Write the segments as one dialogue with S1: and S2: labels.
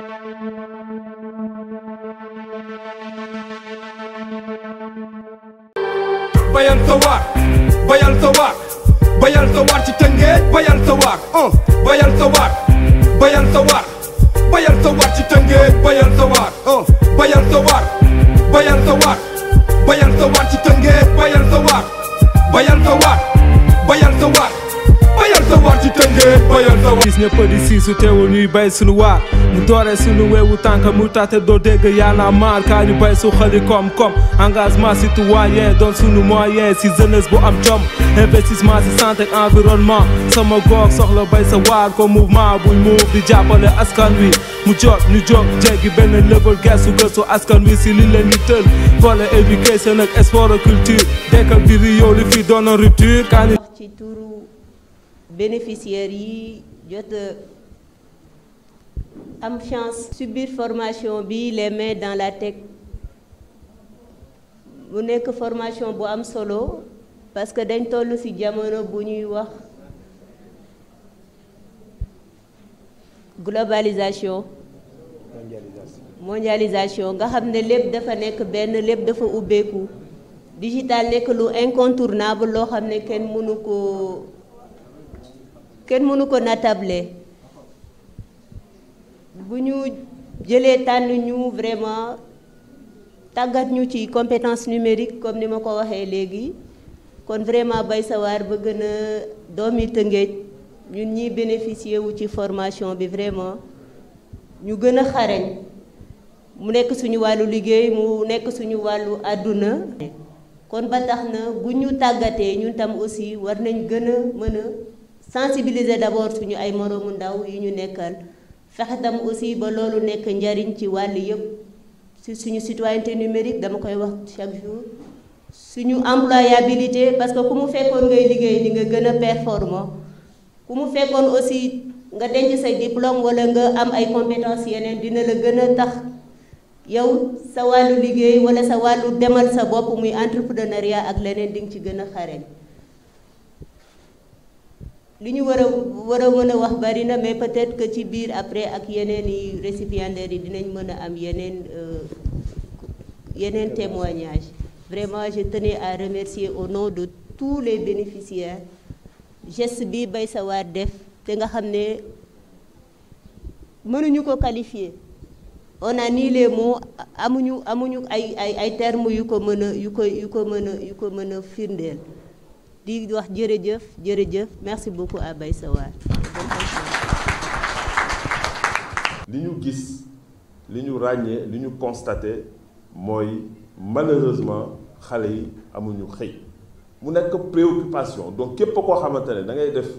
S1: bayal
S2: sa waar bayal sa waar bayal sa waar bayal sa oh bayal sa waar bayal sa waar bayal sa waar bayal sa oh bayal sa ñëpp di siisu teewul ñuy bay sunu waa mu dooree sunu weewu tànk mu tate doo dégg yaana maar kaa ñu bay su xali koom-koom engagement citoyen doon sunu moyen si jeunesse bu am jom investissement si santé environnement sama goog soxla bay sa waar ko mouvement buy muuf di jàppale askan wi mu jot ñu jóg jéggi benn level gestu gëstu askan wi si li leen ñu tël volet éducation ak sport ak culture dekkal ka ri yow li fi doon rupture. ci turu
S1: bénéficiaires jot euh, am chance subir formation bi les mains dans la tech mu nek formation bu am solo parce que dañ toll ci jamono bu ñuy wax globalisation mondialisation nga xam lepp dafa nek ben lepp dafa ubbeeku digital nek lu incontournable lo xam ken mënu ko kenn mënu ko natable bu ñu jëlee tànn ñu vraiment tàggat ñu ci compétence numérique comme ni ma ko waxee léegi kon vraiment bay sawaar ba gën a doomi Tëngéej ñun ñiy bénéficier wu ci formation bi vraiment ñu gën a xarañ mu nekk suñu wàllu liggéey mu nekk suñu wàllu àdduna kon ba tax na bu ñu tàggatee ñun tam aussi war nañ gën a mën a sensibiliser d'abord suñu ay moroomu ndaw yi ñu nekkal fexé tam aussi ba lolu nekk njariñ ci wàll yépp ci suñu citoyenneté numérique dama koy wax chaque jour suñu employabilité parce que kumu mu ngay liggéey di nga gëna performo kumu aussi nga denc say diplôme wala nga am ay compétences yenen dina la yau tax yow sa walu liggéey wala sa walu demal sa bop muy entrepreneuriat ak lenen ding ci gëna liñu ñu war a mën a wax bari na mais peut-être que ci biir après ak yeneen i récipiendaires yi dinañ mën a am yeneen euh, yeneen témoignage vraiment je tenais à remercier au nom de tous les bénéficiaires geste bi bay sawaar def te nga xam ne mënuñu ko qualifier on a ni les mots amuñu amuñu ay ay ay termes yu ko mën a yu ko yu ko mën a yu ko mën a firndeel di wax jërëjëf jërëjëf merci beaucoup à Baye Sawar
S3: li ñu gis li ñu ràññee li ñu constaté mooy malheureusement xale yi amuñu xëy mu nekk préoccupation donc képp koo xamante ne da ngay def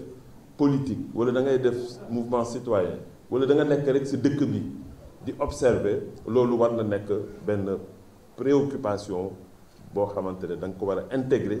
S3: politique wala da ngay def mouvement citoyen wala da nga nekk rek ci dëkk bi di observer loolu war na nekk benn préoccupation boo xamante ne da nga ko war a intégrer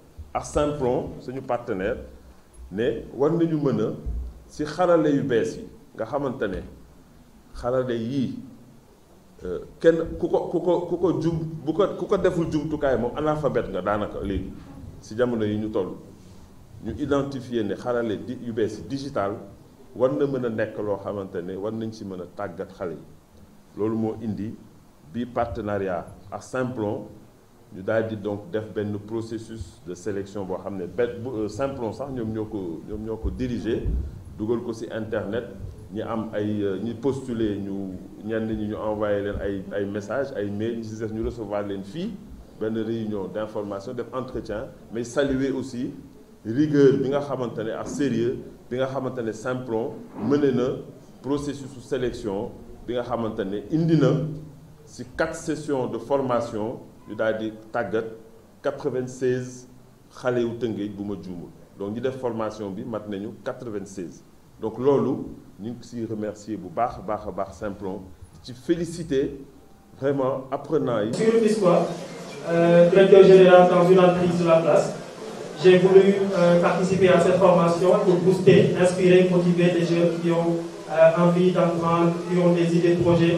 S3: ak c'est notre partenaire ne war nañu mën si yu yi ne euh, kenn kuko kuko kuko bu ko kuko nga si jamono yi ñu tollu ñu identifier ne di digital war na mëna nek lo war nañ ci mëna tagat xalé yi indi bi partenariat nous avons donc def processus de sélection Nous nous euh, internet ñi am ay euh, ñi postuler envoyé leen ay ay messages ay mails ñu recevoir réunion d'information def entretien mais saluer aussi rigueur processus de sélection bi nga quatre sessions de formation d'aller daal di tàggat 96 xale yu Tëngéej bu ma juumul donc ñu def formation bi mat nañu 96 donc loolu ñu ngi remercier bu baax a baax a baax Simplon ci féliciter vraiment apprenants yi. Sur le
S2: euh, directeur général dans une entreprise sur la place, j'ai voulu euh, participer à cette formation pour booster, inspirer, motiver les jeunes qui ont euh, envie d'apprendre, qui ont des idées de projets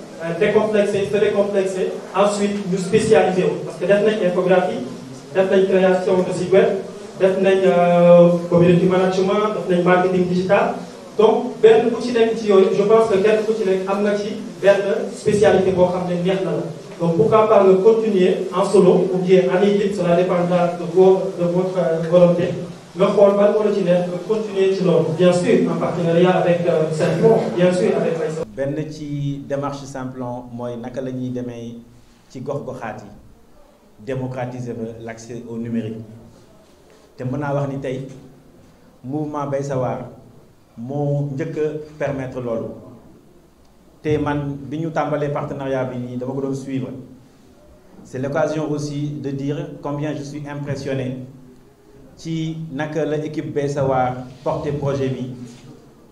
S2: Euh, très décomplexé. ensuite nous spécialisons parce que def une infographie def une création de site web def une euh, community management def une marketing digital donc je pense que kenn a ci spécialité pour vous. donc pourquoi pas le continuer en solo ou bien en équipe cela dépendra de votre euh, volonté le xool ban moo la ci bien sûr en partenariat avec euh, Simplon bien sûr avec Faysal.
S4: benn ci démarche simple moi naka la ci gox démocratiser l'accès au numérique te mën naa wax ni Le mouvement Bay Sa Waar moo permettre cela. te man bi ñu partenariat bi nii dama suivre C'est l'occasion aussi de dire combien je suis impressionné ci naka la équipe BSAWA porté projet bi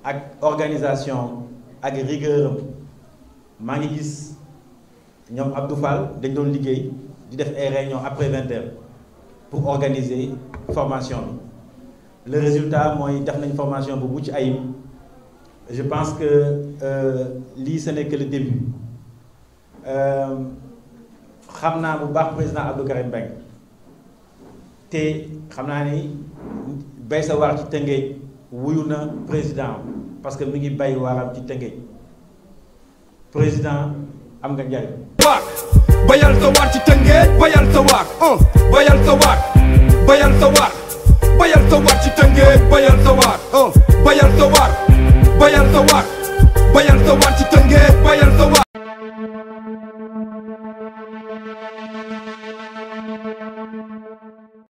S4: ak organisation ak rigueur maa ngi gis ñom Abdou Fall dañ doon liggéey di def ay réunion après 20 heures pour organiser formation le résultat moy def nañ formation bu ci ayib je pense que euh, lii ce n'est que le début euh, xamna bu baax président Abdou Karim Mbengue te xam naa ni bay sa waar ci tëngéej wuyu na président parce que mi ngi bay waaram ci tëngéej président am nga njariñ
S2: waar bayal sa waar ci tëngéej bayal sa waar bayal sa waar bayal sa waar ci tëngéej bayal sa waar bayal sa waar